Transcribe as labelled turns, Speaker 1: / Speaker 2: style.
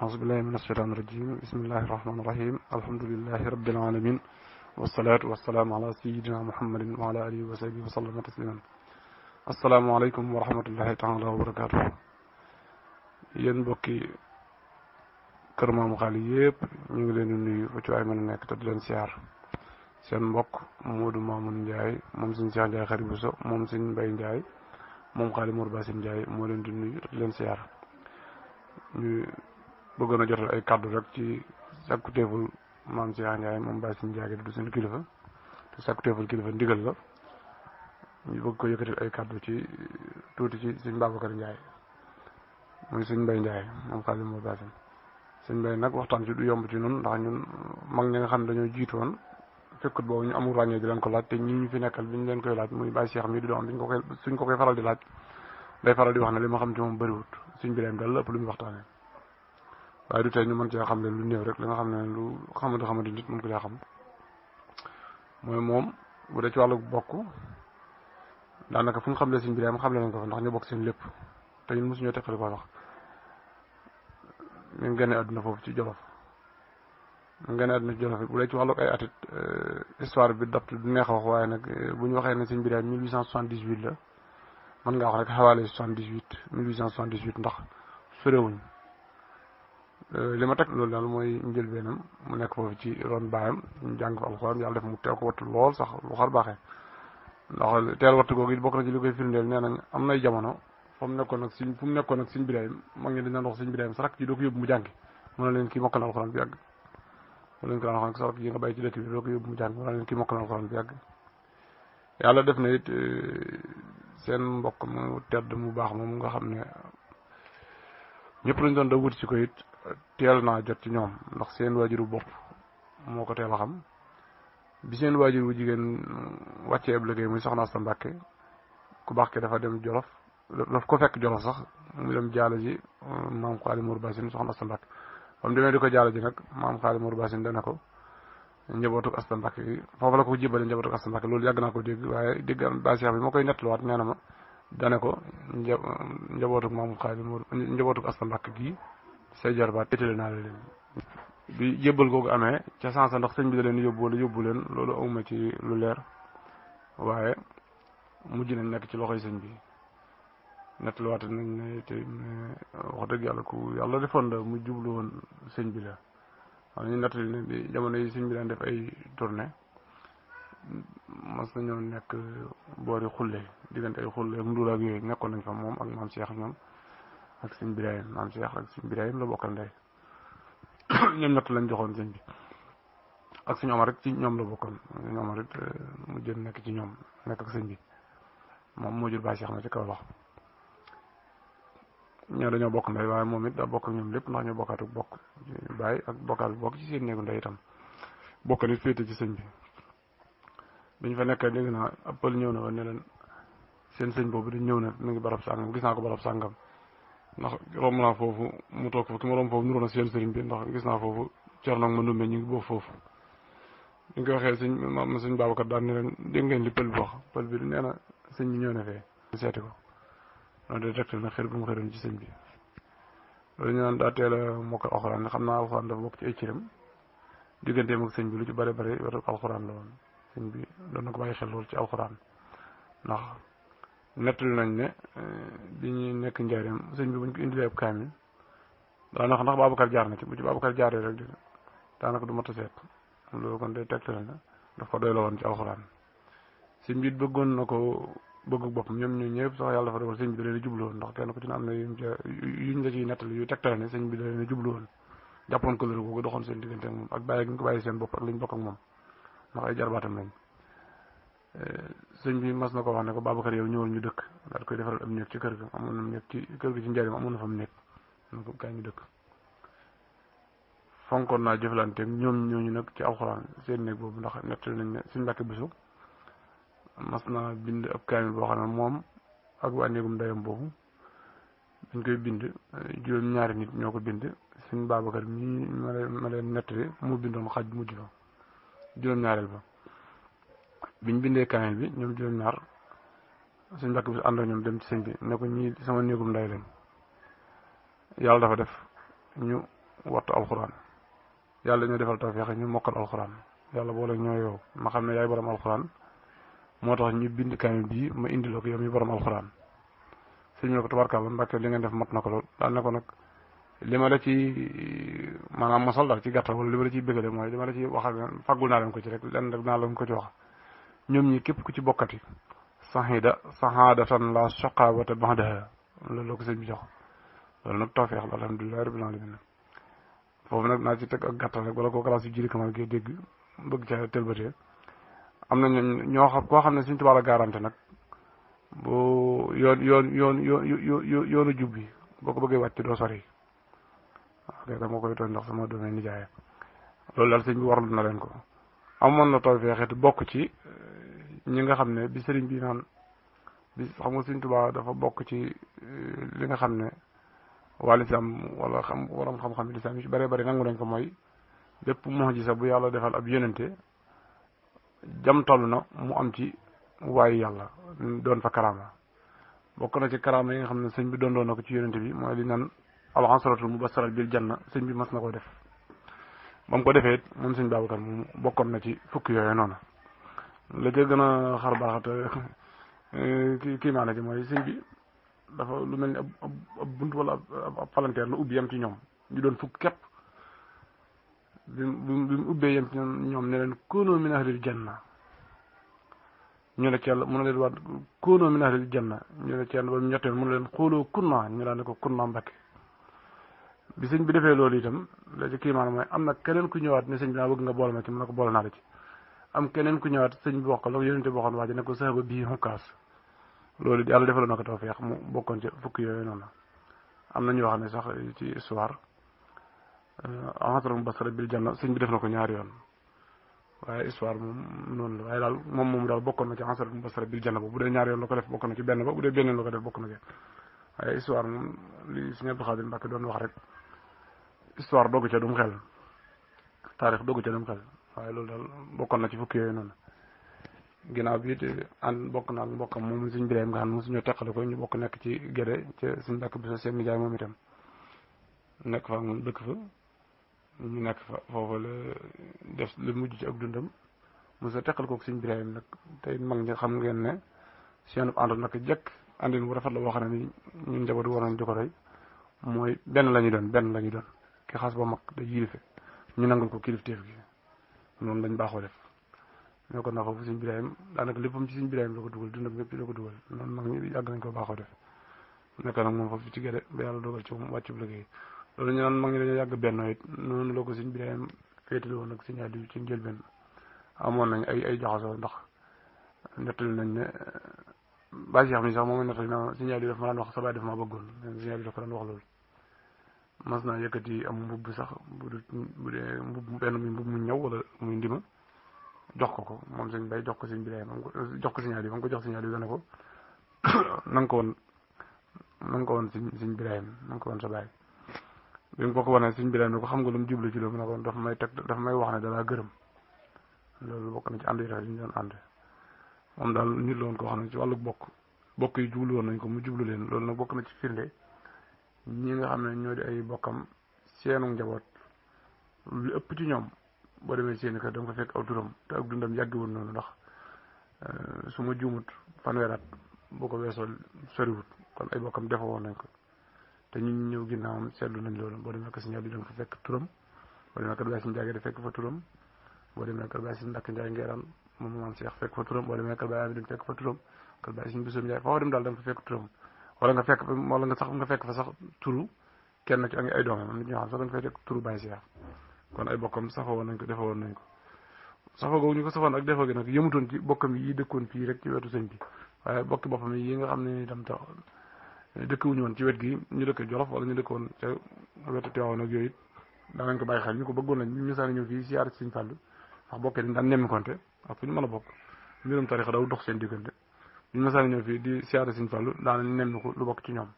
Speaker 1: أعوذ بالله من الشيطان الرجيم بسم الله الرحمن الرحيم الحمد لله رب العالمين والصلاة والسلام على سيدنا محمد وعلى آله وصحبه وسلم تسليما السلام عليكم ورحمة الله تعالى وبركاته ينبكي كرما مخاليب نيغلين نيو وتو ايمن نيك تدلن سيار سين بوك جاي موم جاي خريبوسو موم سين باي جاي موم خالي مور جاي مولين دي نيو bëggoon a jotal ay kàddu rek ci sakkuteeful maam Cheikh Ndiaye moom Baye Sine Ndiaye du suñu kilifa te sakkuteeful kilifa ndigal la ñu bëgg ko yëkkatil ay kàddu ci tuuti ci suñ Babacar Ndiaye muy suñ Mbaye Ndiaye moom xaalis moo Baye Sine suñ Mbaye nag waxtaan ci du yomb ci ñun ndax ñun mag ñi nga xam ne dañoo jiitu fekkut boobu ñu amul ràññee di leen ko laaj te ñi ñu fi nekkal bi leen koy laaj muy Baye Cheikh mi di doon duñ ko koy suñ ko koy faral di laaj day faral di wax ne li ma xam ci moom bëriwut suñ bi leen dal ëpp lu ñu waxtaanee waaye du tey ñu mën cee xam ne lu néew rek li nga xam ne lu xamante xamante nit mën ko caa xam mooy moom bu dee ci wàllu bokk daanaka fu ñu xamle sëñ bi am xamle nañ ko fa ndax ñu bokk seen lépp te ñun mosu ñoo teqali ko wax mi ngi génne àdduna foofu ci Jolof mu ngi génne àdduna ci Jolof bu wàllu ay atit euh, histoire bi dapt du neex waaye nag euh, bu ñu waxee ne sëñ bi daal 1878 la mën ngaa wax rek xawaale 78 1878 ndax sorewuñ Euh, li ma teg loolu daal mooy njëlbeenam mu nekk foofu ci ron baayam ñu jàng fa alxuraan yàlla def mu teel ko wattu lool sax lu xar baaxee ndax teel wattu googu it bokk na ci li koy firndeel nee nañ am nay jamono fa mu nekkoon ak suñ fu mu suñ bidaayam mag ñi dañ naan wax suñ bidaayam sarak ji doo ko yóbbu mu jàngi leen kii mokk na alxuraan bi yàgg mu ko wax sarak ji nga bàyyi bi doo ko yóbbu mu jàngi mu yàlla def na it euh, seen mbokk mu tedd mu baax moom nga xam ne ñëpp lañ doon da wut ci ko it teel naa jot ci ñoom ndax seen waajuru bopp moo ko teel a xam bi seen waajur bu jigéen wàccee ab liggéey muy soxna Asta Mbàkke ku baax ki dafa dem Jolof daf ko fekk Jolof sax mu dem jaala ji euh, maam Xaali Mor Basin soxna Asta Mbàkke ba demee di ko jaala ji nag maam Xaali Mor Basin dana ko njabootu Asta Mbàkke gi foofu la ko jébale njabootu Asta Mbàkke loolu yàgg naa ko dégg waaye dégg ba Seex bi ma koy nettluwaat njabootu maam Xaali Mor njabootu Asta Mbàkke gi say jarbaat étale naa la leen bi jébbal googu amee ca sansa ndax sëñ bi da leen yóbbu wala yóbbu leen loolu amuma ci lu leer waaye mujj nañ nekk ci loxoy sëñ bi nettaliwaate nañ ne te eh, wax dëgg yàlla ku yàlla defoon la mu jublu woon sëñ bi la waaw jamono yi sëñ bi def ay tournée mas nañoo nekk boori xulle diggante ay xulle ak nduul ak yooyu nekkoon nañ fa moom ak maam Cheikh ñoom ak sëñ birahim maam cheikh ak sëñ birahim la bokk nday ñoom ñett lañ joxoon sëñ bi ak sëñ omar it ci ñoom la bokkoon sëñ omar it euh, mu jël nekk ci ñoom nekk ak sëñ bi moom mo jur ba cheikh ma ci kaw wax ñoo dañoo bokk nday waaye moom it daa bokk ak ñoom lépp ndax ñu bokkaatu bokk baay ak bokkaatu bokk ci seen néegu ndey itam bokk nit féete ci sëñ bi biñ fa nekkee dégg naa appel ñëw na fa ne leen seen sëñ boobu di ñëw na mi ngi barab sàngam gis naa ko barab sàngam ndax romb naa foofu mu toog foofu ki ma romb foofu nuroo na seen sëriñ bi ndax gis naa foofu Thierno ma Ndoumbe ñu ngi boo foofu. bi ñu ko waxee sëñ ma sëñ Babacar daan ne leen dégg ngeen li pël bi wax pël bi nee na sëñ bi ñëw na fee. ñu seeti ko loolu day tegtal na xër bu mu xëroon ci sëñ bi loolu ñu naan daa teel a mokk alxuraan xam naa alxuraan dafa bokk ci ay cëram digganteem ak sëñ bi lu ci bare bare wetu alxuraan la woon bi doon na ko bàyyi xel lool ci alxuraan ndax nettali nañ ne euh, bi nekk njaareem sëñ bi buñ ko indilee ab kaamil daana wax ndax jaar na ci bu ci Babacar jaaree rek di daanaka du mat a seet loolu kon day tegtale na daf ko doy la woon ci alxuraan sëñ bi it bëggoon na ko bëggu boppam ñoom ñoo ñëpp sax yàlla dafa dogal sëñ bi da a jublu woon ndax kenn ne am na yuñ ca yuñ la ciy woon jàppoon ko lëru googu doxoon seen diggante ak moom ak bàyyi seen bopp ak liñ bokk moom ndax ay jarbaatam lañ Eh, sëñ bi mas na ko wax ne ko Babacar yow ñëwal ñu dëkk daal koy defaral am néeg ci kër ga amoon na néeg ci kër gi ci njëriñ amoon na fa mu nekk na ko kaay ñu dëkk fonkoon ñooñu nag ci alxuraan seen néeg boobu ndax nettali nañ ne suñ mbàkki bisu mas naa bind ab kaamil boo xam ne moom ak waa néegum dayam boobu dañ koy bind juróom ñaari nit ñoo ko bind suñ Babacar mii ma leen nettali mu bindoon xaj mujj fa juróom ñaareel ba biñ bindé kaamil bi ñoom jël nar suñ mbàkk bi àndoo ñom dem ci sëñ bi ne ko ñi sama neegum nday leen yalla dafa def ñu wattu alquran yalla ñu defal tawfiq ñu mokkal alquran yalla bo ñoo yow ma xamne ne yaay borom alquran moo tax ñu bind kaamil bi ma indi lako yom yi borom alquran sëñ bi ne allah mbacke li nga def mat nako lol da ne ko ma la ci manam masal da ci gàttal wala lima la ci bëggale moy li la ci waxal fagul na naa ko ci rek lenn rek na leen ko ci wax ñom ñi képp ku ci bokkati sahida sahadatan la shaqawata ba'daha la yon yon bi jox yon yon yon la yon rabbil alamin yon yon yon ci yon ak yon rek wala yon yon yon jiri kamal yon yon bëgg yon yon yon yon ñoo yon xam yon yon yon yon yon la garanté yon bu yon yon yon yon yon yon yon yon yon yon yon yon sori yon yon dama koy yon yon sama domaine yon yon yon yon bi warlu na yon ko yon na yon yon yon ci ñi nga xam ne bi sëriñ bi naan bi xam nga sëriñ Tuubaa dafa bokk ci eh, li nga xam ne waa lislaam wala xam waram xam-xam yi lislaam yi bëree bëri nangu nañ ko mooy bépp mu'jiza bu yàlla defal ab yónente jam toll na mu am ci waayu yàlla doon fa karaama bokk na ci karaama yi nga xam ne sëñ bi doon doon na ko ci yónente bi mooy li naan al-asratul mubassara bil janna sëñ bi mas na ko def ba ko defee moom sëñ Babacar mu bokkoon na ci fukk yooyu noonu la gën a xar baaxata eh, kii kii ci mooy sëy bi dafa lu mel ni ab ab bunt wala ab palanteer la ubbi yem ci ñoom ñu doon fukk képp bi mu bi ñoom ne leen koonoo min ahlil ne ci yàlla mën na leen waat koonoo min ahlil janna ñu ne ci yàlla ba mu ñetteel leen xooloo kunna ñu daan ne ko kunna mbakke bi bi defee loolu itam la ci kii maana mooy am na keneen ku ñëwaat ne sëñ bi naa bëgg nga boole ma ci mën na ko boole naa la ci am keneen ku ñëwaat sëñ bi wax ko la yonente bi waa ji ne ko bii xukkaas loolu yàlla defaloon na ko tawfeex mu bokkoon ci fukki yooyu noonu am na ñoo xam ne sax ci histoire euh, entrainement basara bil janna sëñ bi def na ko ñaari yoon waaye histoire moom noonu la waaye daal moom moom daal bokkoon na ci entrainement basara bil janna ba bu dee ñaari yoon la ko def bokk na ci benn ba bu dee benn la ko def bokk na ci waaye histoire moom li Sëñ Abdou Khadir Mbacke doon wax rek histoire dogg ca dum xel taarix dogg waaye loolu daal bokkoon na ci fukki yooyu noonu ginnaaw bi it an bokk na ak mbokkam moom suñ bileem nga xam ne suñu teqale ko ñu bokk nekk ci géde ca suñ dàkk bi sax seen nijaay moom itam nekk fa moom dëkk fa ñu nekk fa foofa la def lu mujj ci ak dundam mu mosa teqal kook suñ bileem nag tey mag ñi xam ngeen ne seenub ànd nag jekk àndin wu rafet la boo xam ne ni ñun njaboot war nañ di ko rey mooy benn la ñu doon benn la ñu doon ki xas ba mag da yilife ñu nangul ko kilifteef gi noonu lañ baaxoo def ñoo ko naxoo fu suñ birahim daanaka léppam ci suñ birahim la ko dugal dundam yëpp ci la ko dugal noonu nag ñu yàgg nañ ko baaxoo def nekk nag moom foofu ci gëde ba yàlla dogal ci moom bu liggéey loolu ñu naan mag ñi dañoo yàgg benn it noonu la ko suñ birahim féetale woon ak suñu àddu ci njëlbeen amoon nañ ay ay jaxaso ndax nettali nañ ne baa si xam ni sax moom nettali na suñu àddu daf ma daan wax sa baay daf ma bëggoon suñu àddu daf ko daan wax loolu mas naa yëkkati am mbubb sax bu dee mbubb benn mu ñëw wala muy ndima jox ko ko moom sëñ bay jox ko sëñ bilaay jox ko signal bi ba ko jox signal bi dana ko na nga ko woon na nga ko woon sëñ sëñ bilaay na nga ko woon sa baay bi mu ko wanee sëñ bilaay ne ko xam nga lu mu jublu ci loolu na dafa may teg dafa may wax ne dalaa gërëm loolu bokk na ci ànd yi rafet yi ñu doon ànd moom daal nit la woon koo xam ne ci wàllu bokk bokk yi jublu woon nañ ko mu jublu leen loolu nag bokk na ci firnde ñi nga xam ne ñoo di ay bokkam seenu njaboot lu ëpp ci ñoom boo demee seeni kër danga ko fekk aw turam te ak dundam yàgg woon noonu ndax euh, su ma juumut fanweeraat boo ko weesoo soriwut kon ay bokkam defa woon nañ ko te ñu ñëw ginnaawam seetlu nañ loolu boo demee kër si ñaar di danga fa fekk turam boo demee kër Baay fekk fa turam boo demee kër Baay Si Ndakk Njaay Ngeeraan moom maam Seex fekk fa turam boo demee kër Baay Amidu fekk fa turam kër Baay Si Bisum Njaay foo dem daal wala nga fekk wala nga sax nga fekk fa sax turu kenn ci ay doomam am na ñoo xam sax da nga fay fekk turu Baye Cheikh kon ay bokkam safa woon nañ ko defe woon nañ ko safa googu ñu ko safoon ak defoo gi nag yëmutoon ci bokkam yi dëkkoon fii rek ci wetu sëñ bi waaye bokki boppam yi nga xam ne itam tax dëkk wuñu woon ci wet gi ñu dëkk Jolof wala ñu dëkkoon ca wetu Tiwaawan ak yooyu danañ ko bàyyi ñu ko bëggoon nañ ñu misaane ñëw fii siyaar ci sëñ Fàllu ndax bokkee ñu mën a bokk mbirum tarixa seen diggante ñu masal ñëw fii di siyaare Sëñ Fallu daanañ nemmiku lu bokk ci ñoom